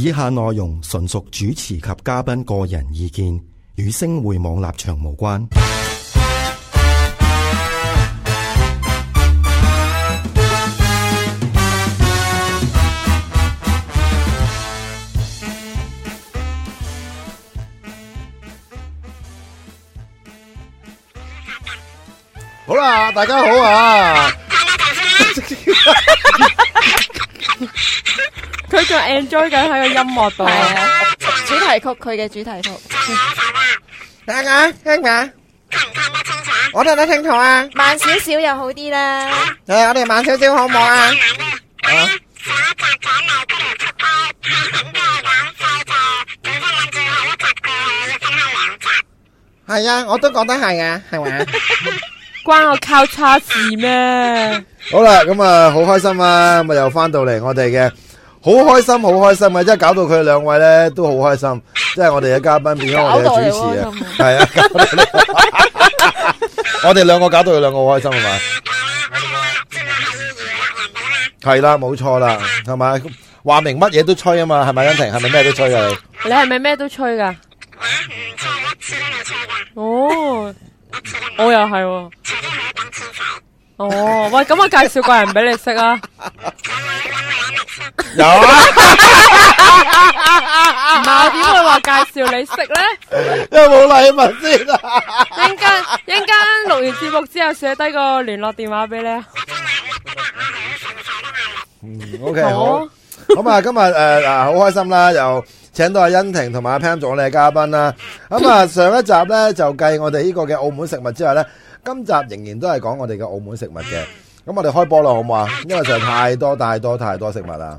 以下內容純屬主持及嘉賓個人意見，與星匯網立場無關。 好啦，大家好啊！ enjoy 緊喺個音樂度，主題曲佢嘅主題曲。聽下，聽下，聽唔聽得清楚，我聽得清楚啊！慢少少又好啲啦。誒，我哋慢少少好唔好啊？係啊，我都覺得係啊，係咪？關我交叉事咩？好啦，咁啊，好開心啊，咁啊，又翻到嚟我哋嘅。好開心，好開心，咪即係搞到佢兩位咧都好開心，即係我哋嘅嘉賓變咗我哋嘅主持啊。係啊， 我哋兩個搞到佢兩個好開心，係咪？係啦， 冇錯啦，係咪？話明乜嘢都吹啊嘛，係咪恩婷？係咪咩都吹啊？你你係咪咩都吹噶？ 哦，我又係、啊，哦，喂，咁我介紹個人俾你識啊。 有啦，唔係我點會話介紹你識咧？因為冇禮物先啦，陣間陣間錄完節目之後寫低個聯絡電話俾你啊。嗯，OK，好咁啊。今日誒啊，好開心啦！又請到阿欣婷同埋阿 Pan 做我哋嘅嘉賓啦。咁啊，上一集咧就計我哋呢個嘅澳門食物之外咧，今集仍然都係講我哋嘅澳門食物嘅。咁我哋開波啦，好唔好啊？因為實在太多太多太多食物啦！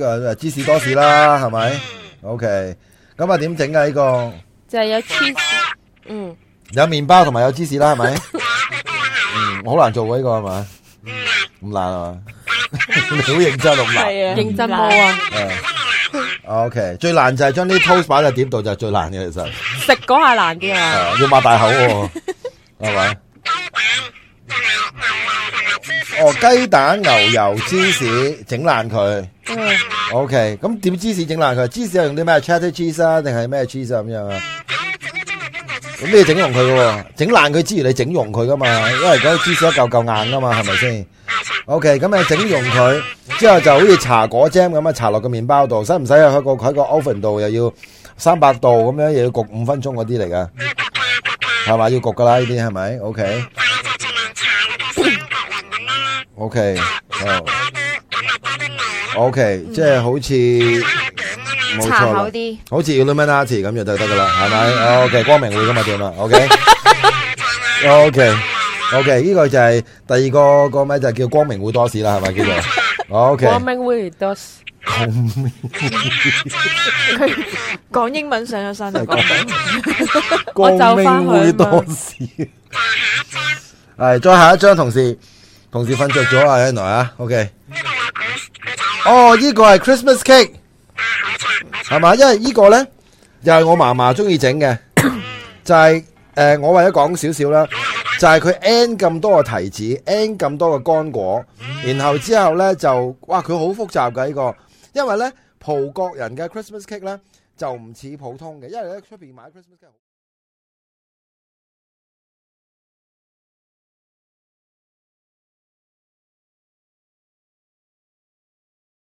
個芝士多士啦，係咪？OK，咁啊點整啊呢個？就係有芝士，嗯，有麵包同埋有芝士啦，係咪？嗯，我好難做喎，呢個係咪？咁難啊？好認真，好難。認真波啊！OK，最難就係將啲 toast 擺喺點度就係最難嘅其實。食嗰下難啲啊！要擘大口喎，係咪？哦，雞蛋牛油芝士整爛佢，OK。咁點芝士整爛佢？芝士係用啲咩？Cheddar cheese 啊，定係咩芝士咁樣？咩整容佢嘅？整爛佢之餘，你整容佢噶嘛？因為啲芝士一嚿嚿硬噶嘛，係咪先？OK。咁啊，整容佢之後就好似茶果 Jam 咁樣，搽落個麵包度，使唔使喺個喺個 oven 度又要三百度咁樣，又要焗五分鐘嗰啲嚟噶？係咪要焗噶啦？呢啲係咪？OK。O K，O K，即係好似冇錯啦，好似 Illuminati 咁樣就得噶啦，係咪？O K，光明會咁啊，點啊？O K，O K，O K，呢個就係第二個個名就係叫光明會多士啦，係咪叫做？O K，光明會多士，講英文上咗身，我就翻去。係再下一張，同事。同時瞓著咗啊！一來啊，OK。哦，依個係 Christmas cake，係嘛？因為依個咧，又係我嫲嫲中意整嘅，就係誒，我為咗講少少啦，就係佢 n 咁多個提子，n 咁多個乾果，然後之後咧就，哇，佢好複雜噶依個，因為咧葡國人嘅 Christmas cake 咧就唔似普通嘅，因為咧出邊買 Christmas cake。